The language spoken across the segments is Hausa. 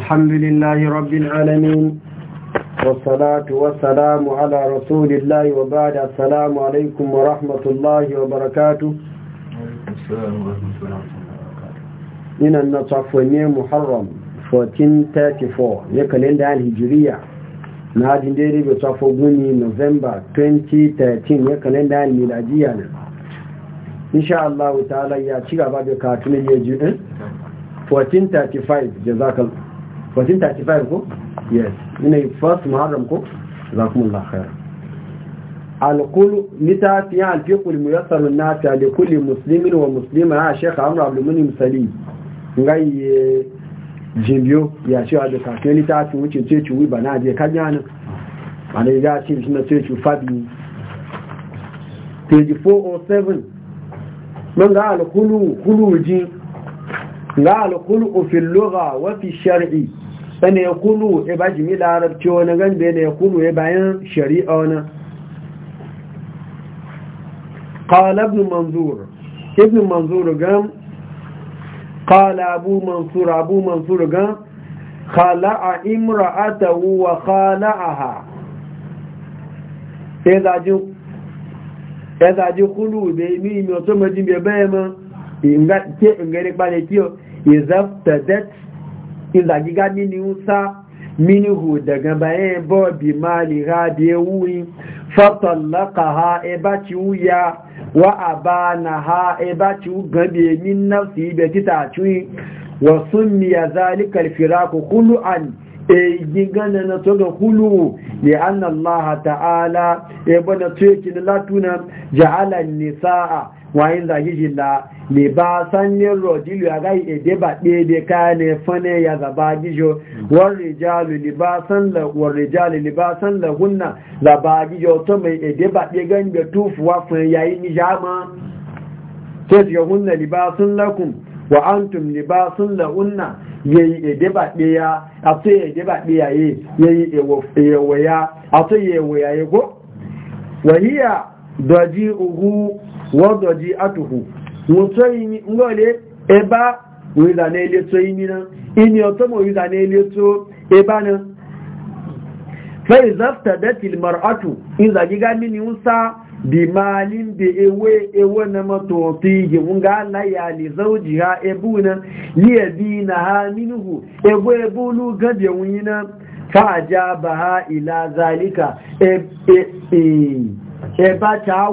الحمد لله رب العالمين والصلاة والسلام على رسول الله وبعد السلام عليكم ورحمة الله وبركاته السلام ورحمة الله وبركاته من النطفوني محرم 1434 يكالين دعال الهجرية نادي ديري بصف بني نوفمبر 2013 يكالين دعال الميلادية إن شاء الله تعالى يا تشيغ بعد كاتوني يجي 1435 جزاك الله 1435 ko? yes ina yi first muharram ko? zakumullah khair alkul littafiyan alfiqul muyassar nafi da kulli musulmin wa muslima a shekha amur abdulmunim sali ngai eh, jimbiyo ya ce wa da kafin littafin wuce ce ci wiba na je kan yana a ya ce shi na ce ci fabi page 407 من قال خلو خلو جي قال خلو في اللغة bane ya kunu ya e ba jimi arabci wani gan bane ya kunu ya e bayan shari'a wani ƙala ibn manzur ibn manzur gan ƙala abu mansur abu mansur gan a imra'atahu wa khala'aha sai e zajin ya zaji kulu da mi mi otu majin be ma ingari ke kiyo ne ba ne ìlàgígá mini ń sá mínúhù hù daga bayan e bọ́ọ̀bì máa lè ra bí e fọ́tọ̀ lọ́kà ha ẹbá ti ń ya wá àbá e na ha ẹbá ti ń gan bí ẹni náà sí ibẹ̀ títà àtúnyí wọ̀sún sún àzáríkàl àzá kúlù hulu ne ta'ala ya bana latuna wayin zagi jila le ba sanyin rojilu ya gai ede ba ɗede kaya ne fane ya zaba gijo warrijalu libasan la warrijalu libasan la hunna zaba gijo to mai ede ba ɗe gan da tufuwa fun yayi ni jama to ji hunna libasun lakum wa antum libasun la hunna yayi ede ba ɗe ya a to ede ba ɗe yayi yayi ewo ya a to yewo yayi ko wahiya daji'uhu wadoji atuhu mutoyini ngole eba wiza na eleto imina ini otomo wiza na eleto eba na fa izafta datil mar'atu iza mini bi ewe ewe na matoti ji nga la ya li ebuna li na ha minhu ebu ebu lu gabe wina fa ha ila zalika e e e ba ta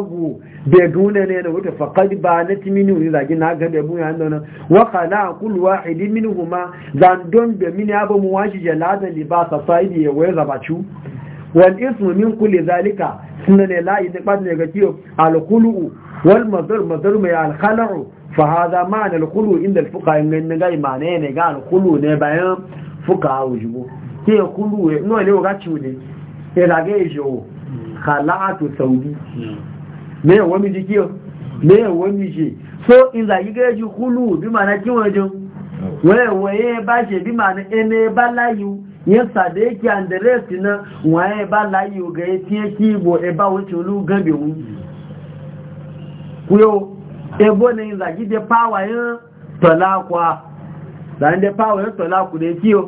bai duna ne da wuta faƙad ba na timini wuri zagi na ga da buya nan waka na kulu wahidi mini huma zandon da mini abu mu washi jalada libasa saidi ya waya zabacu wal ismu min kulli zalika sunna ne la da ba ne ga kiyo al kulu wal mazar mazar mai al khalu fa hada ma'ana al kulu inda al fuqa in ga imane ne ga al kulu ne bayan fuqa wujubu ke Kulu ne no ne ga ciwo ne ya lage jo khala'atu saudi mẹ́yàn wọ́n mi di kí ọ mẹ́yàn wọ́n mi ṣe so ìlà yígẹ́ ju kúlù bí màá kí wọ́n jọ wọ́n ẹ̀wọ̀ yẹ́ na ṣe ba màá ẹni bá láyé yẹn sàdé kí àndẹ̀rẹ́sì náà wọ́n ẹ̀ bá láyé ọ̀gá ẹ̀ tí ẹ kí ìbò ẹ̀ bá wọ́n ti olú gẹ́gẹ́ wọn kúyọ́ ẹ̀bọ́ ni ìlà yígẹ́ de pawa tọ̀lá kwa láńdẹ́ pàwọ̀ yẹn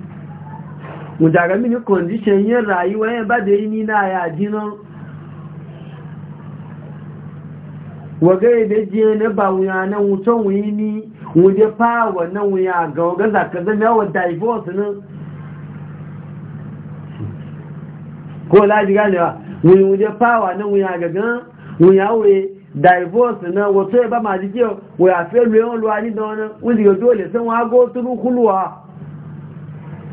mudaga mini kondishin yin rayuwa yin ba da yi na ya jinan wagai da jiye na ba wuya na wuton wuyi ni wuje fa wannan wuya ga waga zaka zama yawon divorce nan ko laji ganewa wuyi wuje fa na wuya ga gan wuya wuye divorce na wato ya ba ma jikiyo wuya fe luyon luwa ni da wani wunji ga dole sun wago turu kuluwa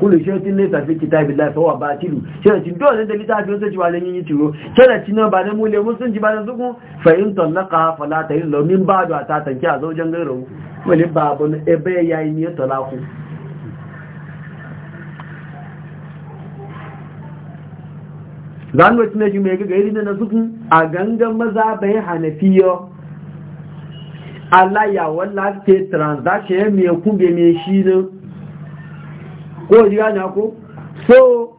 kullu shay'in laysa fi kitabillahi fa huwa batil sharati dole da litafi sai jiwa lan yi tiro sharati na ba na mu le musun ji ba na zuku fa in talaqa fala tahillu min ba'du ta tanki a zaujan gairo wani babun ebe yayi ne talaku zanwaci na jume ga gairi na zukun a gangan maza bai hanafiyo Allah ya wallata transaction mai kumbe me shi ne ko jira na ko so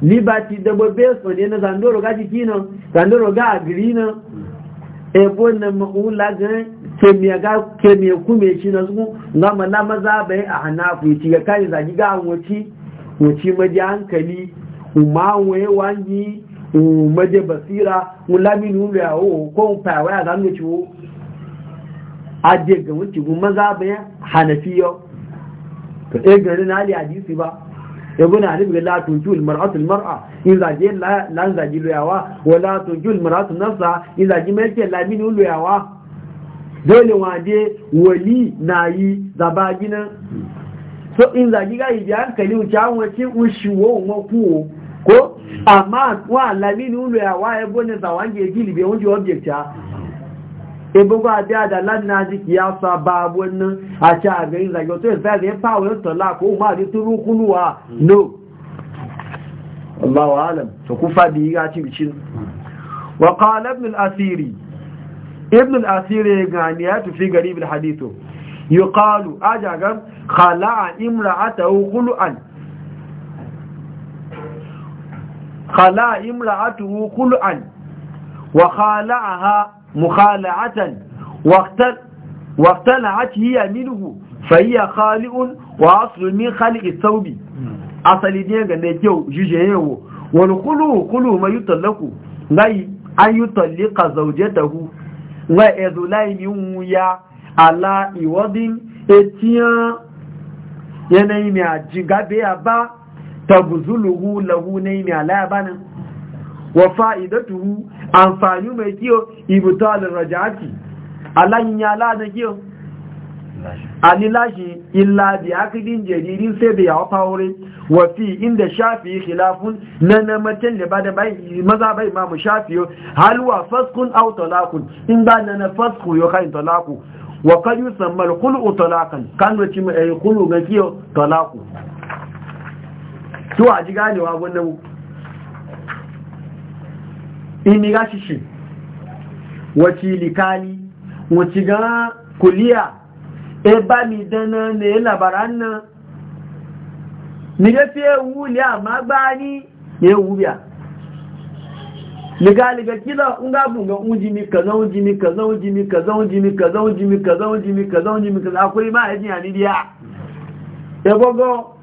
liberty da babbe so ne na zandoro ga jiki nan zandoro ga agiri nan ebo na ma'ula gan kemiya ga kemiya kume shi na su na na maza bai a hanafu ci ga kai zagi ga wuci wuci maji hankali kuma waye wangi maje basira mulami nulu ya o ko pa wa ga mu ci wo aje ga wuci maza bai hanafiyo ka ɗaya na aliyu hadisi ba ya guna hadisi ga la tujul mar'atul mar'a in zaje lan zaji loyawa wa la tujul maratu nafsa in zaji mai ke lamini loyawa dole waje wali na yi zaba gina so in zaji ga yi hankali wuce an wace ushiwo makuwo ko amma wa lamini loyawa ya gona zawange gilibe wunje object ya ebe ba da na lanna jiki ya sa babu wannan a ci a gari zage efe yasa zai fawo yin tala ko ma ji turu kunuwa no Allahu alam to ku fadi ya ci bicin wa qala ibn al-asiri ibn al-asiri gani ya tufi garib al-hadithu yuqalu ajaga khala'a imra'atahu khulu'an khala'a imra'atuhu khulu'an wa khala'aha مخالعة واقتلعت هي منه فهي خالق واصل من خالق الثوب أصل دين غنيتيو جيجيو والخلو خلو ما يطلق لاي أن يطلق زوجته وإذ لا يميا على يود اتيان ينهي ما aji ابا تبذله له ta على lahu وفائدته amfani mai kiyo ibtalin rajati alayin yala da kiyo anilashi illa bi kudin jaririn sai da yawa fawore wafi inda shafi khilafun na na matan da bada bai maza bai imamu shafiyo halwa faskun au talakun in ba na na fasku kai talaku. wa kan yi samar eh, kulu talakan kan wace mai Kulu ga kiyo talaku. to a ji ganewa wannan imi shishi wace likali wace ga kuliya e ba mi dana na yi labaran nan ni ga fiye wuli a magbani ya yi wuya ligaliga kila in bunga unji mi kaza unji mi kaza unji mi kaza unji mi kaza unji mi kaza unji mi kaza unji mi kaza akwai ma ajin ani dia e bogo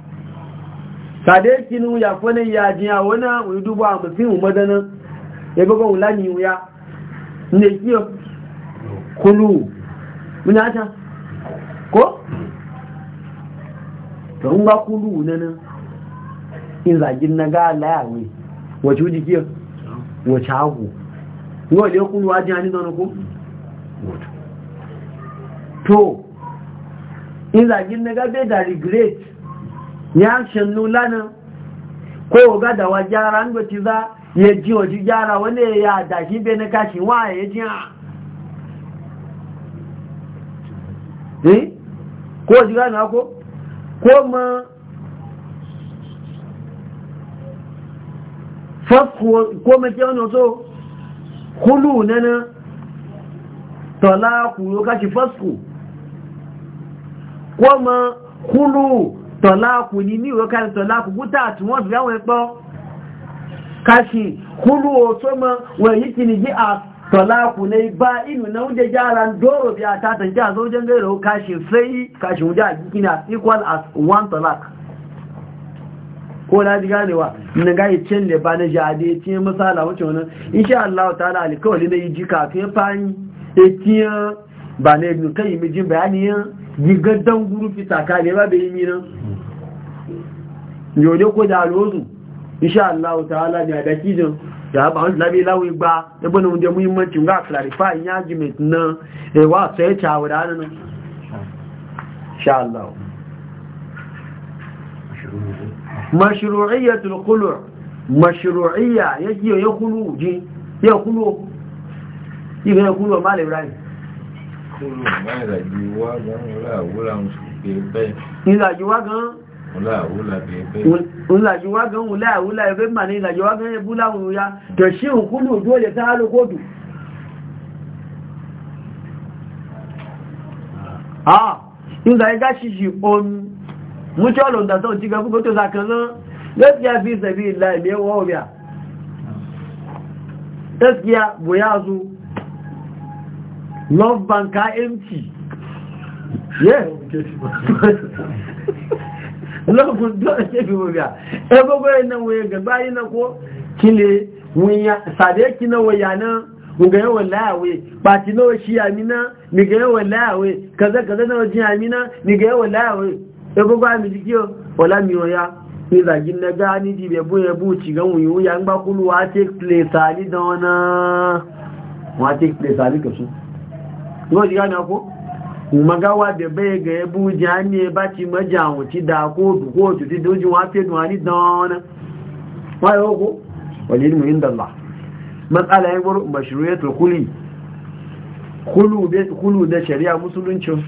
sade kinu ya fone ya ajin a wana udubu a mutum madana ya òun láni ya ní èyí Kulu. kúlù ní àṣà kó tó ń gbá kúlù nínú ìzàjìn na gáà láàwẹ̀ wọ̀tí ó di kí wọ̀tí áwù wọ́n ilé kúlù ajé anínanú kó tó ìzàjìn na gábẹ́ da regret ní àṣà nù lánàá da wà jára ń gbẹ̀tí záà ya ji waje gyara wani ya dashi bai na kashi wa ya ji a eh? ko waje gana ko ko ma fakuwa ko ma ke wani so hulu na na talaku yau kashi fasku ko ma hulu talaku ni ni yau kashi talaku guta tun wasu yawon ya kpọ kashi hulu soma ma wani ni a talaku ne ba inu na wuje jaran doro biya ta tanki a jan gairo kashi sai kashi wuje a jikin as equal as one talak ko na ji ganewa na gaye cin da ba na jade ce misala wuce wani insha Allah ta ala alikawali na yi ji kafin fani etiyan ba na ibn kai Bayani mijin bayaniyan gaddan gurufi takale ba bai yi minan yau ne ko da alozu insha Allah ta'ala ne da kijin da ba wani labi lawi da bane wanda muhimmanci ga clarify in argument na eh wa sai ta wada nan insha Allah mashru'iyatul khulu' mashru'iyya yaji ya khulu ji ya khulu ibe ya khulu mal Ibrahim khulu mai da jiwa gan wala wala mu ke bai ni da jiwa gan ulajuwa gan wula wula ya bin mani lajuwa gan ya bula wuya a ya to boyazu ah. ah, love yeah lokacin dole ce fi mabiya ɗan ya nan waye gaba yi na ko kile sade ki na waya nan ga yawan layawe ba ci na shi amina mi ga yawan layawe kaza kaza na wajen amina mi ga yawan layawe ɗan gwagwa mi jikiyo wala mi waya ni zagin na gani di bebu yabu ci gan wuyi wuya n bakulu wa take place ali da wana wa take place ali kasu. Ngo ji gani ako? magawa da bai ga ya buji hannu ya baci majawunci da kotu kotu ti dojin wafe duwani don wani ko walil muhim inda Allah matsala ya gwaro ya kuli kulu da shari'a musuluncin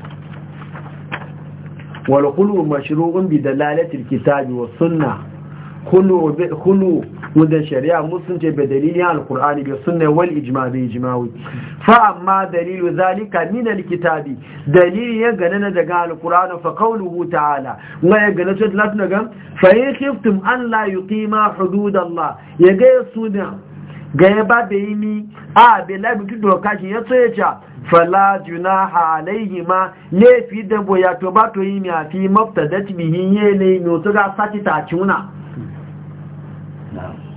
wal kulu mashru'un bi dalalatil kitabi was sunnah hulu wadda shari'a ce bai dalilin alkur'ani bai sunna wal ijma bai ijmawi fa amma dalilu zalika min alkitabi dalili ya gane na daga alkur'ani fa qawluhu ta'ala wa ya gane to lati daga fa in khiftum an la yuqima hudud allah ya ga sunan ga ya ba da yimi a bai labi tudu kashi ya tsoye ca fala junaha alaihi ma ne fi dabo ya to ba to yimi a fi mafta da tibihin yanayi ne to ga sati ta cuna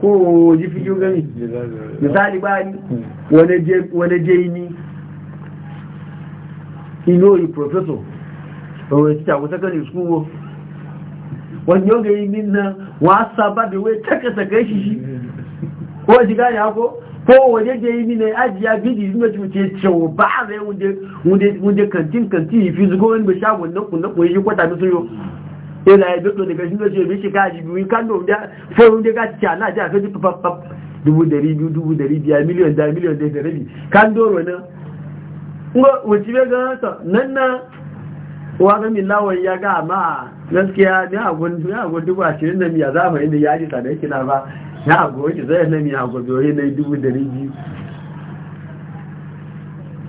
ko yi fi yi gani misali ba ni wane je ni ino yi profeso wane ci awu sakari skuwo wani yoga yi min na wasa ba da wai taka saka shi shi ko shi gani hako ko wane je yi min na aji ya bidi yi mace mace cewa ba a zai wunde kantin kantin yi fi zugo wani bai na wannan kunnan kuwa yi kwata misu yau yana ya dutse daga shi zai bi shi kaji biyu kan da wanda ta na a kaji fafafaf dubu dari biyu dubu dari biya miliyon da miliyon da da rabi kan doro na nga wuci be ga ta nan na wa ga mi lawan ya ga ma gaskiya ne a ba shi nan mi ya zama inda ta na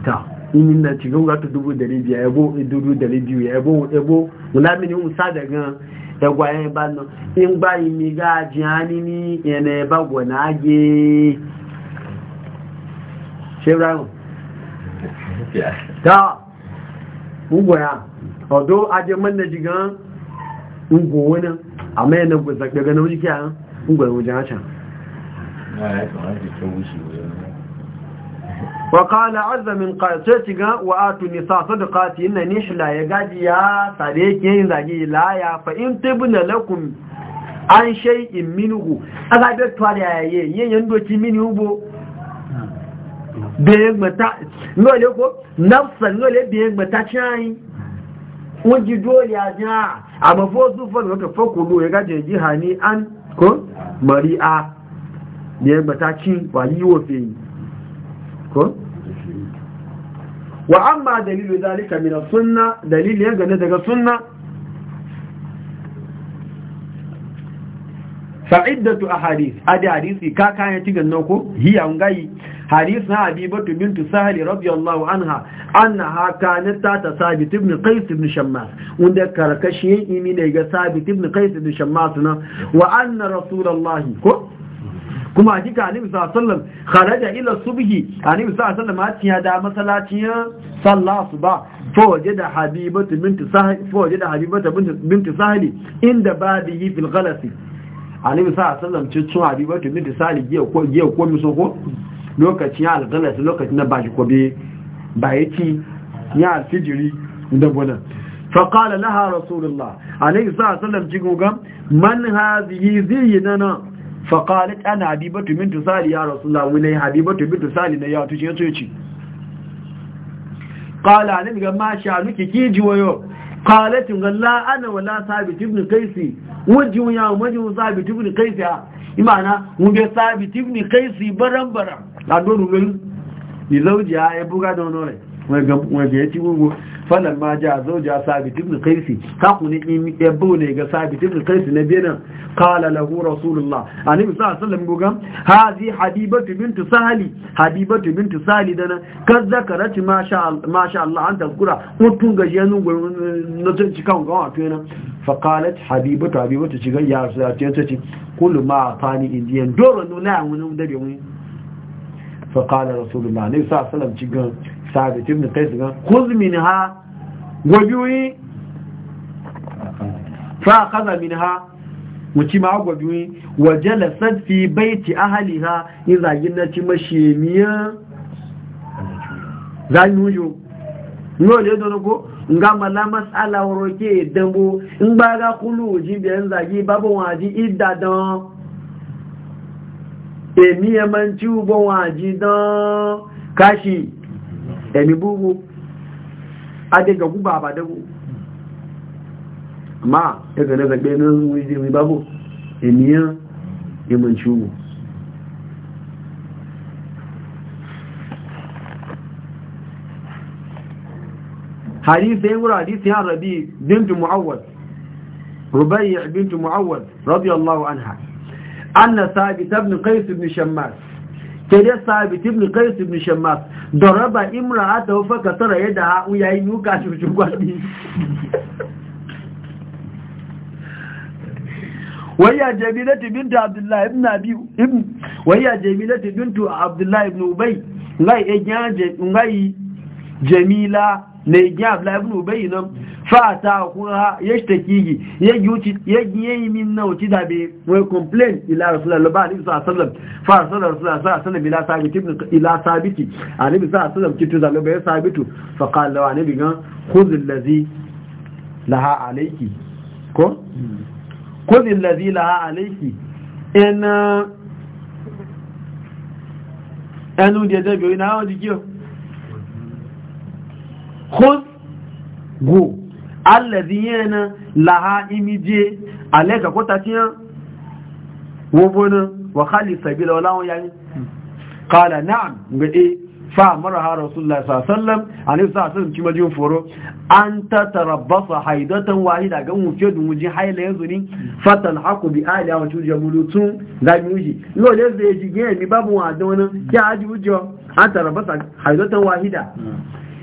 ta yin nan cikin gato dubu dari biya yabo dubu dari biyu yabo yabo mulamini musa daga yagwayen ba nan in ba yi mi ga jihani ni yana ba gwana age shebrahu ta ugwaya odo aje manna jigan ugwo wani amma yana gwa zakdaga na wujikiya ugwaya wujen hacan ya ya kamar jikin وقال عز من قاتتك وآتوا النساء صدقاتهن نحلا يغاديا صديقين زاجي لايا فإن طبن لكم عن شيء منه أغادي توالي آيين يندوتي منه بو biyan mata ngole ko nafsa ngole biyan mata chai wuji dole ya ja amma fo fa ka fa ku ya gaje jihani an ko mari'a biyan mata chin wa yi wo fe Ko? wa amma dalilu zalika min sunna dalil yanga ne daga sunna fa iddatu ahadith adi hadisi ka kan ya tigan ko? hi ya ngai hadis na habibatu bint sahl radiyallahu anha annaha kanat ta tasabit ibn qais ibn shammas unda karakashi imi ne ga sabit ibn qais ibn shammas na wa anna rasulullahi ko kuma hakika annabi sallallahu alaihi kharaja ila subhi annabi sallallahu alaihi wasallam da masallacin sallah Ba fa da habibatu binti sahli inda ba da yi annabi sallallahu alaihi wasallam ci tun binti sahli giya ko giya ko lokacin al-ghalas lokacin na bashi ko be ya alfijiri da gona فقال لها رسول الله عليه الصلاه والسلام جيغوغا من هذه faƙalit ana habibatu min tusali ya rasulullah wani habibatu min tusali na yawa tushe su ce ƙala ne ga ma shanuki kiji wayo qalat ngal la ana wala sabit ibn kaisi wajen ya wajhu sabit ibn a imana mun be sabit ibn Kaisi baran baran la do ruwen ni zawji ya buga da wani waje ya ci gugu falon ma ja zo ja sabitin da kaisi kakuni yabo ne ga sabitin da kaisi na benin kala lahu rasulullah a nufi sa asalin gugan hazi habibatu bintu Sali. habibatu bintu Sali dana kan zakara ci masha Allah an taskura mutum ga jenu na cikin gawa tunan fakalat habibatu habibatu shiga ya su ya ce kulu ma fani indiyan dole nuna wani dabe wani fakalar rasulullah ne sa asalin cikin sabit ibn qais ga khudh minha gwajuri fa akhadha minha wuci ma gwajuri wa jalasat fi baiti ahliha idza ginnati mashimiya zanuju no le don ko nga mala mas'ala roke dambo in ba ga kulu ji bi an zagi babu waji iddadan e emi yamanci ubon waji dan kashi ẹni búrú adéga gúbà àbádẹ́gbò máa ẹgbẹ̀lẹ́gbẹ̀gbẹ̀ ní ọdún ìdí ìrìn bábò ènìyàn ìmọ̀ ìṣòwò حديثين وحديثين ربي بنت معوض ربيع بنت معوض رضي الله عنها أن ثابت بن قيس بن شماس sai dai sabit ibn qais ibn shammas daraba imra'atahu fa kasara yadaha u yayi nuka shi gwadi wayya jamilatu bint abdullah ibn abi ibn wayya jamilatu bint abdullah ibn ubay ngai ejaje ngai jamila ne ejaje abdullah ibn ubay nan fata kuma ya shi shtakigi ya yi min na wuce bai wai complain ila rasulullah ba alibi sa sallam fa sallar rasulullah sa sallam ila sabiti ila sabiti alibi sa sallam kitu zalo bai sabitu fa qala wa alibi gan khudh allazi laha alayki ko khudh allazi laha alayki in anu dia dabe ina wadi kiyo khudh go allazi yana laha imije aleka ko tatiya wo bona wa khali sabila wala wa yani qala na'am ga e fa maraha rasulullahi sallallahu alaihi wasallam alaihi wasallam ci majin foro an tatarabbasa haidatan wahida ga mu fedu mu ji haila yanzu ni fatal haqu bi ali wa tuja mulutun da muji lo le ze ji ge mi babu wa don dona ya ajujo an tarabasa haidatan wahida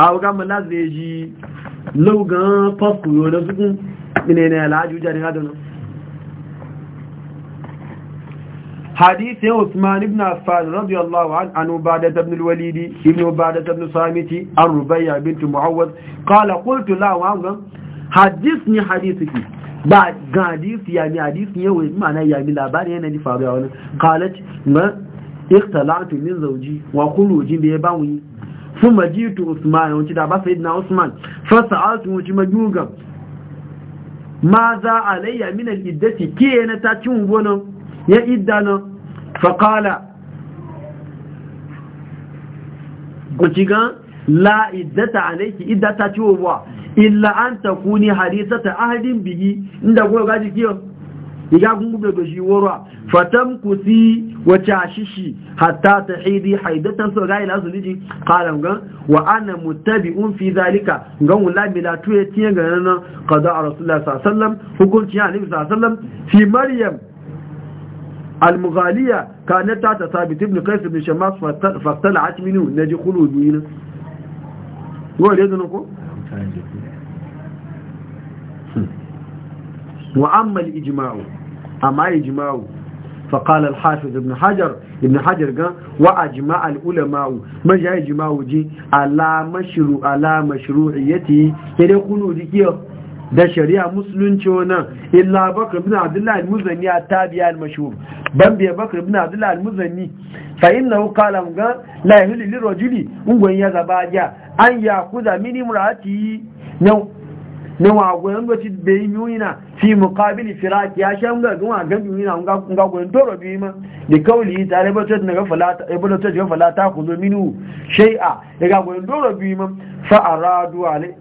awuga mala zai ji laugan fasku yau da sukun ne ne alhaji hadana حديث عثمان بن عفان رضي الله عنه عن عبادة بن الوليد ابن عبادة بن صامت عن ربيع بنت معوذ قال قلت له عنه حدثني حديثك ba ga hadisi ya mi hadisi yawai ma'ana ya mi labari yana faruwa wani kalat ma ikhtalatu min zauji wa jin da ya ba sun jitu usman wuce da ba sai na usman fasa altun wuce majunga. ma za a layya minan iddati ke na ta cin gonan ya idda nan faƙala wuce gan la iddata alaiki idda ta ciwo ba illa an ta kuni harisata ahadin biyi inda goga jikiyar idan kun gube da shi wara fatam kusi wa tashishi hatta tahidi haidatan so ga ila suniji qala ngan wa ana muttabi'un fi zalika ngan wala bila tuye tiye ga nan qada rasulullah sallallahu alaihi wasallam hukunci ya nabi sallallahu fi maryam المغالية كانت تحت ثابت ابن قيس بن شماس فاقتلعت منه نجي خلود منه وقال يا ذنكو وعما الإجماع amma ijma'u faƙala alhafiz ibn hajar ibn hajar gan wa ajima al’ulama’u manja ijma’u ji alamashiru alamashiru iyati kere kunu dikiyo da shari'a musulunci wannan illa Bakr bin abdullahi al-muzanni a tabiya al-mashuru ban biya Bakr bin abdullahi al-muzanni fa inna hu kala mu ga la yahilu lirajuli ungwan ya zaba ya an ya kuza mini murati na wagoyan da ci da yi yunina fi mukabili firaki ya shan ga gama ga yunina ga goyon doro biyu ma da kauli ta rai bata na ga falata ga falata ku zo minu shay'a da ga goyon doro biyu ma fa aradu alai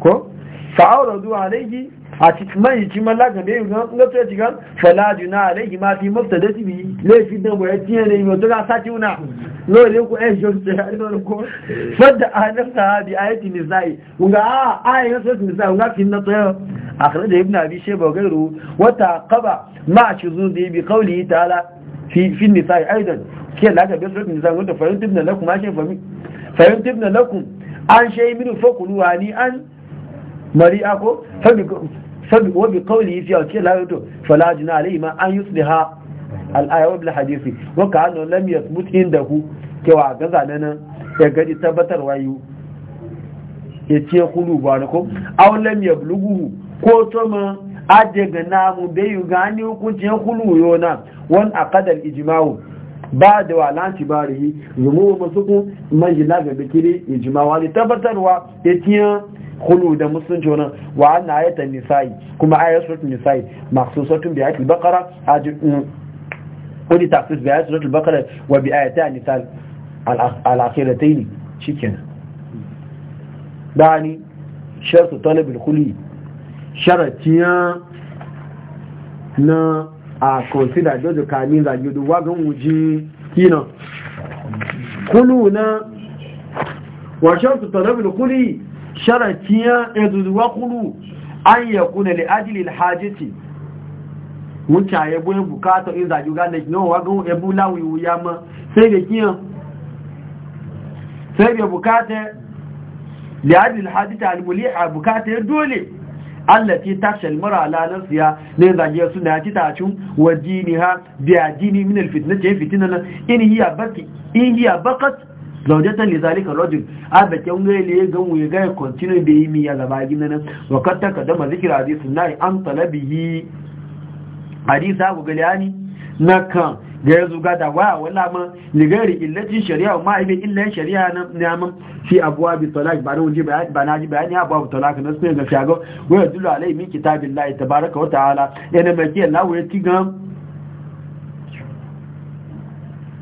ko fa aradu alaihi a cikin man yi mallaka da yin gato ya ci gan falaju na alaihi ma fi mafta da tibi laifi da ya tiye ne yau tuka sati una lori ku ɗan shi wasu ya ɗan ko fadda a hannun nan sahabi a yati nisa'i kunga a a yi nasu wasu nisa'i kunga fi na tsaye a kare da ibn abi sheba gairu wata kaba ma a shi zuwa da yi bi kauli yi ta ta'ala fi nisa'i aidan ke laka biyar wasu nisa'i wata fahimtib na lakun a shi fahimtib fahimtib na lakum an shayi minu fakulu ni an mari'a ko sabi wa yi qawli fi al kila yato fala jina alayhi an yi al ha wa bil hadisi waka hannu lamiyar lam da ku kewa ga zanan ya gadi tabbatar wayu ya ce kulu ba na ko aw lamiyar bulugu ko to ma aje ga namu bai yi gani hukunci ya kulu yona a kadar ijimawu ba da wa lanci walanci barihi zumu masu kun manjila ga bikiri ijimawa ne tabbatarwa ya tiyan khulu da musulunci wannan wa anna ayatan nisa'i kuma ayatun nisa'i maksusatun bi ayatil baqara ajin mm, wani tafsir bi ayatul baqara wa bi ayatan nisal al-akhiratayn shikenan dani shartu talab al-khuli sharatiya na a consider jojo kamin za yudu wagan wuji kina na, wa shartu talab al-khuli sharatiya ezuzuwa kuru an yi kuna da ajiyar hajjiti wuce ya buye bukata in zaɓi gane shi nawa wagon ebu lawi ya ma sai da kiyan sai da bukatar da ajiyar hajjiti bukata ya dole allati tashal mara ala nafsiya ne zage su na titacin ha biya jini min fitina fitnana in hiya baki in hiya baqat zaujatan li zalika rajul a da kyan ya gamu ya ga continue da yi ya zaba gina nan wa katta ka dama zikir hadisun nai an talabihi hadisa abu galiyani na kan da ya zuga da wa wala ma ri illati shari'a ma ibe illa shari'a na namun fi abuwa bi talak ba ruji ba ba na ji bayani abuwa bi talak na sai ga shago waya yadullu alai min kitabillahi tabaaraka wa ta'ala ala yana mai Allah wa yati ci gan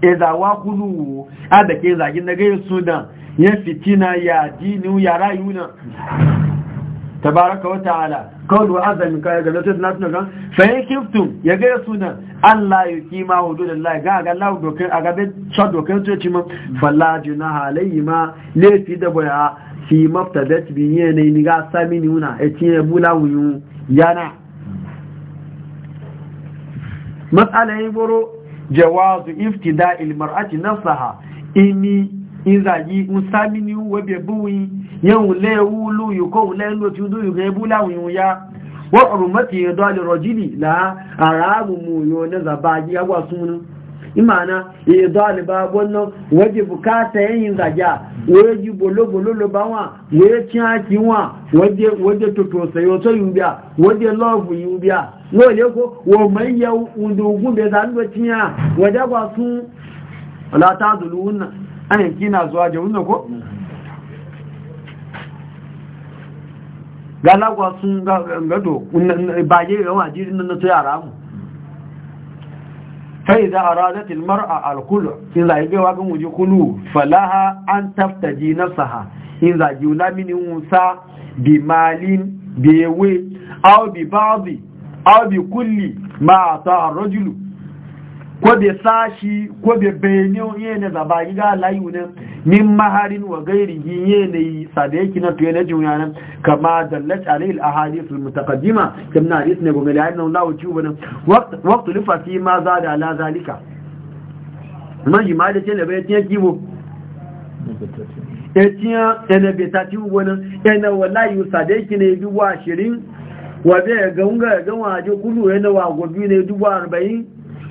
ezawa kulu a da ke zagin na gaisu sudan ya fitina ya dini ya rayuna tabaraka wa ta'ala kawai azamin kayan ga lotus na tunan fayin kiftun ya gaya sunan allah ya kima hudu da allah ga aga lau dokin a gabe shot dokin coci ma fallaju na halayi ma laifi da baya fi mafta da ci biyu ne ni ga sami ni wuna e ya cinye bula wuyu yana matsalayin boro jawazu iftida ilmar'ati nasaha ini inzaji unsamini webe buwi yan ule ulu yuko ule ti ndu yuge bula wiyun ya wa hurmati yadali rajuli la arabu mu yo na zabaji agwa sunu imana ya daliba wannan waje bukata yayin zaja waje bolo bolo ba bawa waje chaki wa waje waje toto sayo to yubia waje love yubia no le ko wo mai ya undugu be dan do tiya waje kwa su la ta zulun an kina zuwa je wannan ko galagwa sun gado baye yawan ajirin nan to yara mu فإذا أرادت المرأة الخلع إذا يجوا قوم يخلوا فلها أن تفتدي نفسها إذا جولا من موسى بمال بيوي أو ببعض أو بكل ما أعطاها الرجل ko bai sashi ko bai bayani yi ne zaba yi ga layu ne min maharin wa gairi yi ne yi sabe yake na tuye na juya nan kama da alayhi al-ahadith al-mutaqaddima kam na hadith ne gobe layin nan lawo ciwo nan waqtu lufa fi ma za da ala zalika man yi ma da ce ne bai tiya kibo etiya ene betati wannan na. wallahi sabe yake ne dubu ashirin wa bai ga unga ga waje kullu na wa gobi ne dubu arba'in?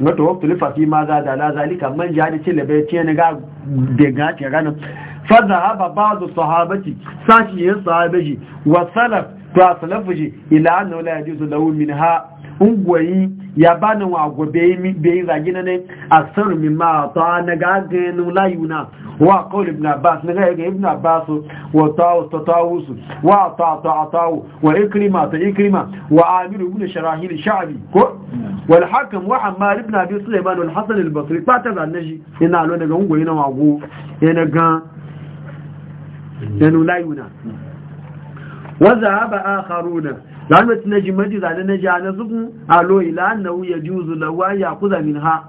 na to waktu fi ma za da lazali zalika man jihadi ce labe ce ne ga daga ce ranar fadda haba ba su sahabaci sashi yin sahabaci wa salaf to a salafu ji ila an naula ya jizu lau min ha ungwayi ya ba ni wa gobe yi zagina ne a min ma ta na gagayen layuna wa qawl ibn abbas ne ga ibn abbas wa tawus tatawus wa ta'ata'u wa ikrima ta ikrima wa amir ibn sharahil sha'bi ko wal hakim wa hamal ibn abi sulaiman wal hasan al basri ta ta naji ina lo daga ngo ina mago ina ga yanu layuna wa zahaba akharuna lalmat naji maji zane naji ana zuku alo ila annahu yajuzu lawa yaquza minha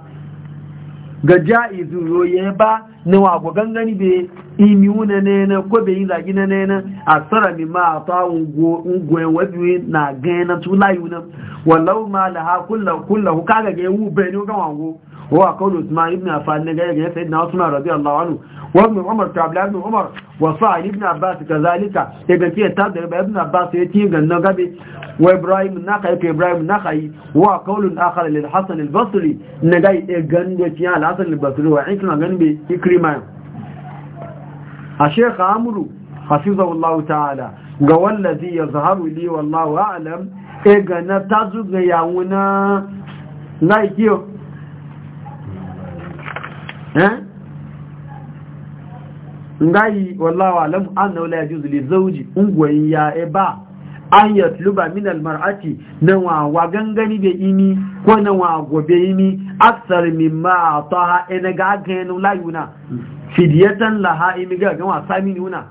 ga jaizu yoye ba na wago gangan be imi wuna nena ko be yi zagi na a tsara mi ma a ta ungwe na tulayu na wallau ma ha kulla kulla ga ga yi wu bai ne ga هو قول عثمان بن عفان نجاية سيدنا عثمان رضي الله عنه وابن عمر كعبد ابن عمر وصاعد ابن عباس كذلك يقول فيه تدرب ابن عباس يتيم النقبي وإبراهيم النخعي كإبراهيم النخعي هو قول آخر للحسن البصري نجاية قنوة يا الحسن البصري وعكنا قنبي إكرمان الشيخ عمرو حفظه الله تعالى قال الذي يظهر لي والله أعلم إيه قنا تزغ يعونا لا يكيو Eh? ngayi wallahu alam annahu la yajuzu li zawji ungwayin ya eba an yatluba min almar'ati nawa wa gangani be ini ko nawa gobe ini aksar mimma ataha ina ga ganu layuna fidiyatan laha imiga ga wa sami nuna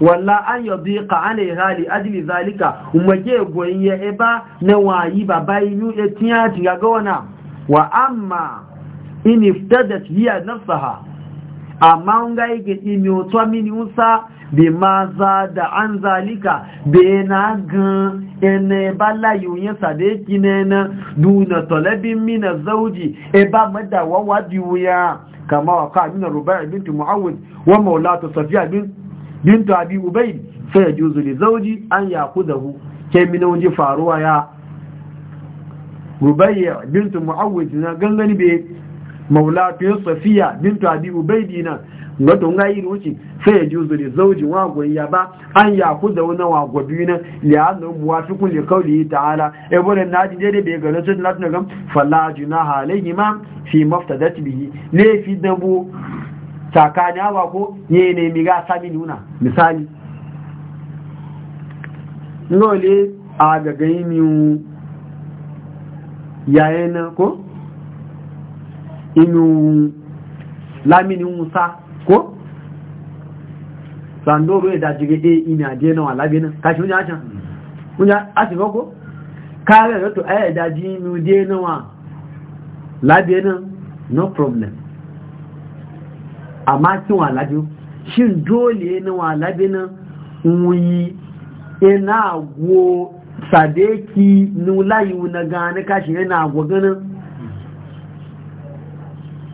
walla an yadiqa alaiha li ajli zalika umaje goyin ya eba nawa yi baba inu etiya tiga gona wa amma in iftadat hiya nafsaha amma nga yake imi otuwa mini usa bi ma za da an zalika be na gan ene bala layu sade sadeki na duna talabin mina zauji e ba mada wawa diwuya kama wa ka amina rubai bintu mu'awud wa maulatu safiya bintu abi ubai sai ya juzu li zauji an yaku da ke mina wuji faruwa ya rubai bintu mu'awud na gangani be maulatu safiya bintu abi ubaidina wato nga yi wuce sai ya juzu da zauji wagon ya ba an ya ku da wani wagon biyu na ya annan da li qawlihi ta'ala e bore na ji dai bai ga rasul Allah tunaga fala junaha alayhi ma fi maftadat bihi ne fi dabu tsakani awa ko ne ne mi ga sami nuna misali ngole a gagayi mi yayin ko inu lamini musa ko sandoro da jigede na walabi na kashi wuce asha wuce asha ko kare rato aya da ji na wa labi na no problem amma kin walabi shin dole na walabi na wuyi ina wo sadeki nulayi na gane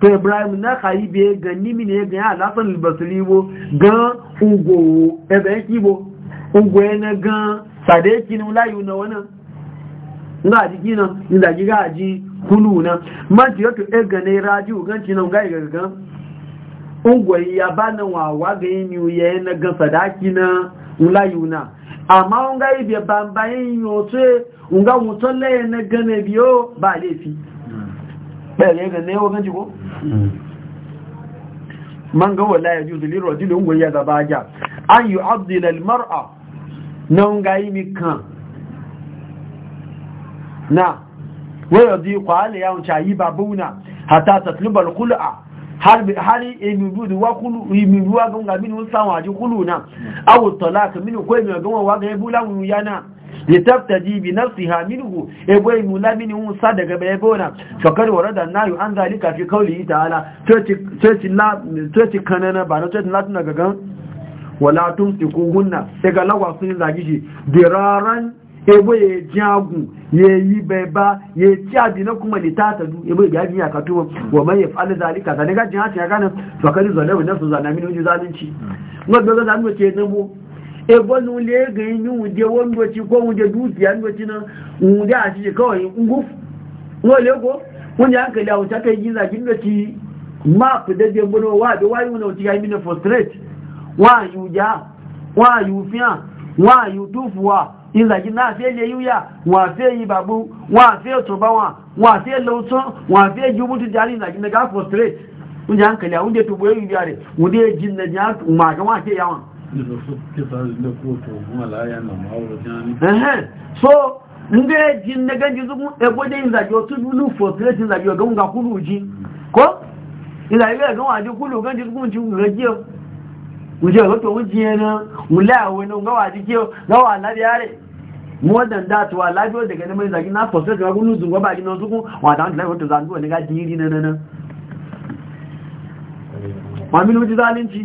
to ibrahim na kayi biye ga nimi ya e lasan albasiri bo ga ugo ebe yake bo ugo e na ga sadeki ni layu na nga jiki na inda ji gaji na man ti yoto e, e ga ne raji ugan ci na ga ga ya ba na wawa ga ni uye na ga sadaki na layu amma nga ibe nga ga ba lefi ẹgbẹ̀rẹ̀ hmm. man ga wala ya juzu lil rajul wa ya zabaja an yu'addil al mar'a nga gayi mi kan na wa yadi qali ya unta yi babuna hatta tatluba al qul'a har bi hali imibudu wa kulu imibuwa ga min sawaji kuluna aw talaq min ko mi ga wa ga bulan yana litaftaji bi nafsiha minhu ebo inu lamini hun sa daga bai bona fakar warada nayu an zalika fi qawli ta'ala tati la tati kanana ba na tati latin daga gan wala tumsiku hunna daga lawa sun zagi shi diraran ebo ye jagu ye yi beba ye ci abi kuma kuma litata du ebo ya gaji ya katuwa wa man yaf'al zalika zalika jin haka ya kana fakar zalawi nafsu zalamini wajin zalunci ngoddo zalawi ce nan bu ebonu le ga yin wuje wando ci ko wuje dukiya ndo wuje a ci nguf wuje an lawo ta kai giza kin ci map da je bono wa da wayu na ci frustrate wa wa wa so nga ji na ganji zuku ebo de nzaji otu dulu frustrate nzaji ogun ga kulu ji ko nzaji ogun wa ji kulu ganji zuku ji ngaji o uje o to uje na mula we no nga wa ji o nga wa na biare more than that wa la jo daga ne mai nzaji na frustrate ga kulu zuku ba ji no zuku wa dan lai wato zandu ne ga jiri na na na ma mi lu ji zalunci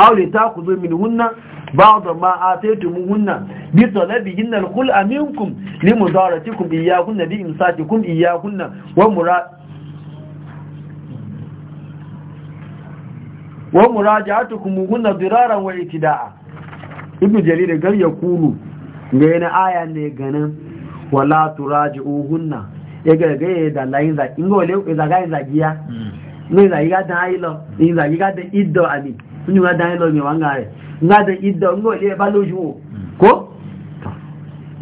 aure ta ku zo min hunna ba da ma a sai tumu hunna bi talabi hinna alkhul aminkum li mudaratikum iyyakunna bi imsakikum iyyakunna wa murad wa muraja'atukum hunna diraran wa itida'a ibnu jarir gar yakulu ga yana aya ne ganin wala turaji'uhunna ya gagaye da layin zaki ingo le zagaye zagiya ne hmm. zagi ga dan ayilo in zagi ga da iddo abi ní wọ́n dáyé lọ́nà wọ́n gáà rẹ̀ ńgádẹ ìdọ̀ ńgọ́ ilé ẹbá lójú wò kó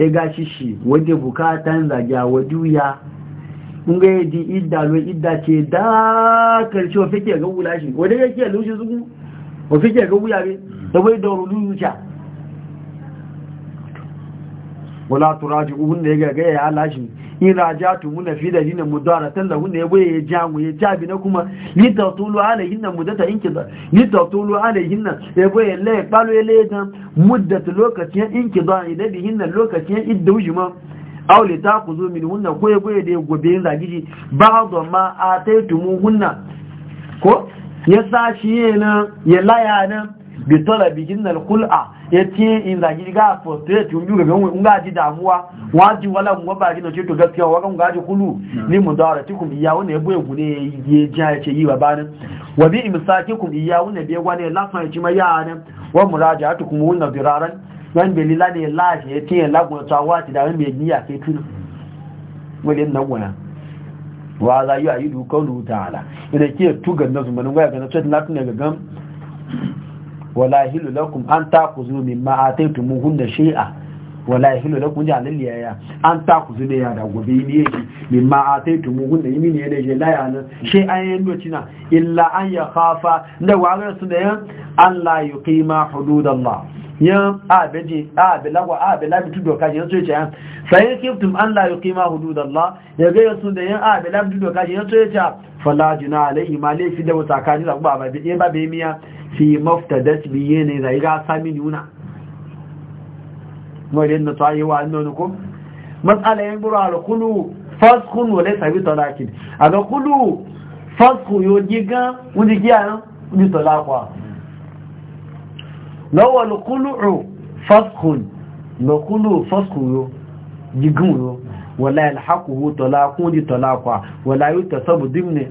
ẹgá ṣíṣì wọ́dẹ̀ bukata ń zàjá wọ́dú ya ńgá èdè ìdà lọ ìdà tẹ dákẹrẹ tí ọ̀fẹ́kẹ́ ẹ̀gọ́ wù láṣì wọ́dẹ̀ kẹ́kẹ́ lóṣù súnkún ọ̀fẹ́kẹ́ ẹ̀gọ́ wù yàrá ẹgbẹ́ ìdọ̀rọ̀ lóyún ṣà wọ́lá tó rájú in rajatu muna fi da jinin mudara talla hunne yabo ya mu ya bi na kuma litatulu alaihinna mudata tulu ala hinna yabo ya le palo ya lai dan muddatu lokacin inkiza idadihinna lokacin ma aw li taquzu min hunna ko yabo ya gobe yin zagiji ba'dha ma ataytumu hunna ko ya sashi yana ya laya nan bi talabi jinnal khul'a yace in zagi ga frustrate yun yuga gan ga ji damuwa waji wala mu ba ji no ce to gaskiya wa gan ga ji kulu ni mudaratikum iyawu ne boye gune ye ja yace yi babanin wa bi imsakikum iyawu ne biye gwane lafa yace ma yana wa muraja'atukum wa nadiraran yan belila ne lashi yace ya lagun tawa ti da me niya sai tunu wale na wannan wa za yi ayi dukkan ta'ala ina ke tugan nazu manin ga ga na ce latin ga gam wala hilu lakum an takuzu mimma hunna shay'a wala hilu lakum jalil yaya an takuzu ne ya da gobe ni yake mimma hunna yimi ne da jalaya nan shi an yi docina illa an ya khafa da wagar su da an la yuqima hududallah yan abeji abilawa abila bitu doka yan so yace fa yakiftum an la yuqima hududallah yaga yasu da yan abila bitu doka yan so yace fala juna alaihi ma laifi da wata kaji da ba bai ɗaya ba miya fi mafta da su biye ne zai ga sami nuna wadda na ta yi wa annon ku matsala yin buru Kulu faskun wale sabi talakin alkulu fasku yo giga wani giya nan ni talakwa lawal kulu'u faskun na kulu fasku yo gigin yo wala yalhaquhu talaqun di talaqa wala yutasabu dimni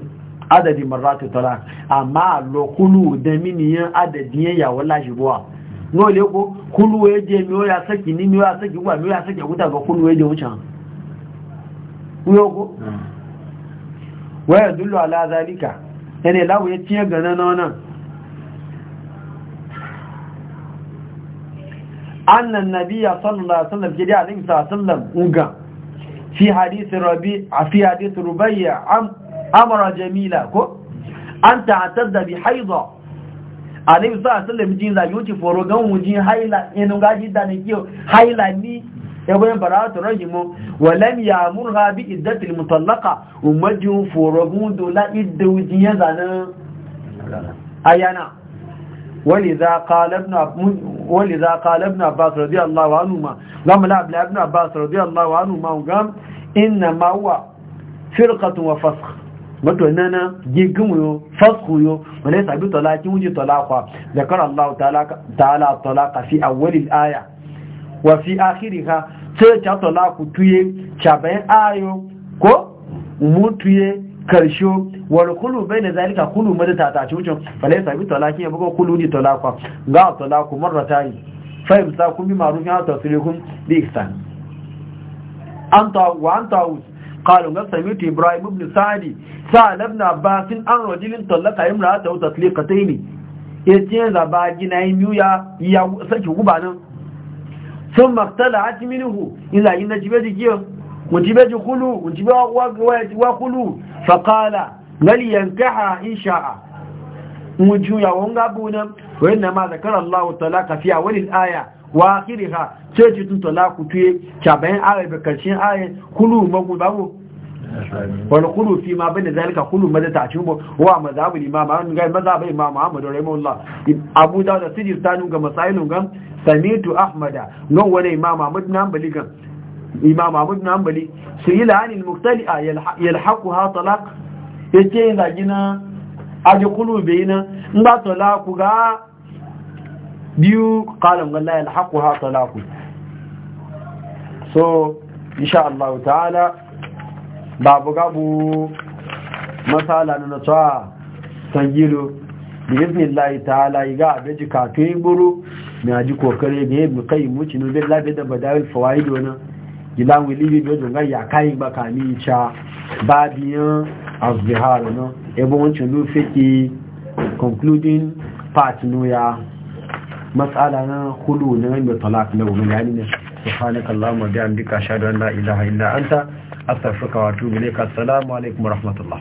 adadi marrati talaq amma lo kulu da ya wala jibwa no le ko kulu eje mi o ya saki ni mi o ya saki gba mi o ya saki guta ga kulu eje wuchan uyo ko wa yadullu ala zalika ene lawo ya tiye gana nona annan nabiyya sallallahu alaihi wasallam kidi alaihi wasallam uga في حديث ربيع في حديث ربيع امر جميلة كو ان تعتد بحيضه عليه الصلاه والسلام جين ذا يوتي فورغان وجين هايلا انو غادي دانكيو هايلا ني يبين برات رجمو ولم يامرها بإدة المطلقة ومجو فورغون دولا إدة وجين زانا أيانا ولذا قال ابن ولذا قال ابن عباس رضي الله عنهما لما لعب ابن عباس رضي الله عنهما وقام انما هو فرقه وفسخ متوننا فسخ يو وليس ابي طلاق وجي طلاقا ذكر الله تعالى تعالى الطلاق في اول الايه وفي اخرها تشا طلاق تويه شابين ايو كو موتويه Karshe, wani kulu bai na zalika kulu mada ta ta cucin falai sami talakin ya buga kulu ne talakwa ga a talaku marar ta yi fai bisa kun bi maru fi hata sire kun bi istan wa an ta wuce kalun ga sami ta ibrahim ibn sadi sa na ba sin an rajilin talaka yi mura ta wuta tsile ka ne ya ce za ba gina yi miya ya sake nan. sun maktala a cimini hu ina yi na jibe jikiyar وتباج خلو وتباج وخلو فقال ينكح ان شاء وجويا ونغابونا وإنما ذكر الله تعالى في اول الايه واخرها تجد طلاق في شابين آية بكرشين آية خلو مغبابو والخلو فيما بين ذلك كل ما تعشبه هو مذهب الإمام غير مذهب الإمام محمد رحمه الله أبو داود السجستاني ومسائل ومسائل سميت احمد نو ولا امام محمد نعم بلغم imam ahmad bin su yi la'anin muktali'a ah, yalhaku ha talak ya ce yin zagi na aji bai nan in ba talaku ga biyu kalan galla yalhaku ha talaku so insha Allah ta'ala babu gabu matsala na natsuwa sangilo da izini Allah ta'ala yi ga abin jikatun buru mai ji kokare ga mu kai mucinu bin labe da badawil fawaido na ìláwọ̀ ilé bí ọjọ́ gáyà káyì gbáka ní ìṣà bá bí yán azùbẹ̀hàrù náà ẹgbẹ́ wọn tí concluding part ya matsala náà kúlù náà ń bẹ̀ tọ́lá àfilẹ̀ òmìnira yà nínú subhanaka ashhadu anta astaghfiruka rahmatullah